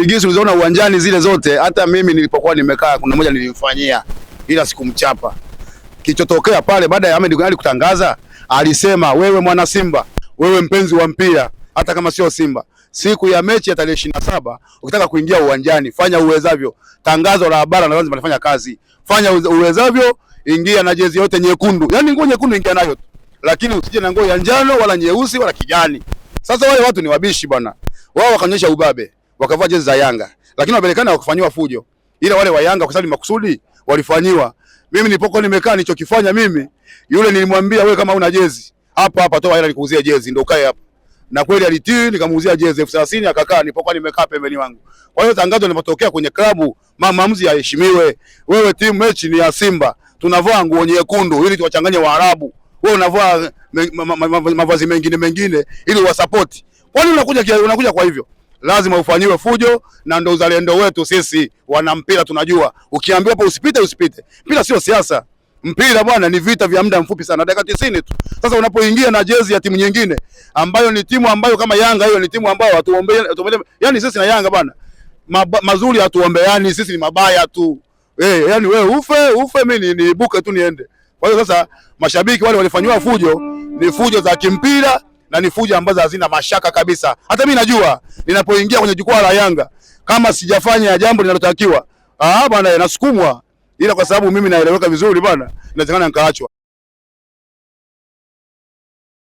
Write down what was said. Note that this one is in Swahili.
figisu ulizoona uwanjani zile zote, hata mimi nilipokuwa nimekaa kuna moja nilimfanyia, ila sikumchapa. Kilichotokea pale baada ya Ahmed Gunali kutangaza, alisema wewe mwana Simba, wewe mpenzi wa mpira, hata kama sio Simba, siku ya mechi ya tarehe ishirini na saba ukitaka kuingia uwanjani fanya uwezavyo. Tangazo la habari na lazima nifanya kazi, fanya uwezavyo, ingia na jezi yote nyekundu, yani nguo nyekundu ingia nayo lakini usije na nguo ya njano wala nyeusi wala kijani. Sasa wale watu ni wabishi bwana, wao wakaonyesha ubabe wakavaa jezi za Yanga, lakini wapelekana wakufanywa fujo, ila wale wa Yanga kwa sababu makusudi walifanyiwa. Mimi nilipokuwa nimekaa nilichokifanya mimi, yule nilimwambia wewe, kama una jezi hapa hapa, toa hela nikuuzie jezi, ndio kae hapa na kweli alitii, nikamuuzia jezi elfu thelathini akakaa, nilipokuwa nimekaa pembeni wangu. Kwa hiyo tangazo limetokea kwenye klabu, maamuzi yaheshimiwe. Wewe timu mechi ni ya Simba, tunavaa nguo nyekundu ili tuwachanganye Waarabu, wewe unavaa mavazi ma, ma, ma, ma, ma, ma, mengine mengine ili wasapoti. Kwani unakuja unakuja kwa hivyo lazima ufanyiwe fujo, na ndo uzalendo wetu sisi wana mpira. Tunajua ukiambiwa hapo usipite, usipite. Mpira sio siasa, mpira bwana ni vita vya muda mfupi sana, dakika 90 tu. Sasa unapoingia na jezi ya timu nyingine ambayo ni timu ambayo kama Yanga hiyo ni timu ambayo hatuombee, yani sisi na Yanga bwana ma, mazuri hatuombeani, sisi ni mabaya tu eh, yani wewe ufe ufe, mimi niibuke tu niende. Kwa hiyo sasa mashabiki wale walifanywa fujo ni fujo za kimpira na ni fujo ambazo hazina mashaka kabisa. Hata mimi najua ninapoingia kwenye jukwaa la Yanga kama sijafanya jambo linalotakiwa, ah bwana, nasukumwa, ila kwa sababu mimi naeleweka vizuri bwana, inawezekana nikaachwa.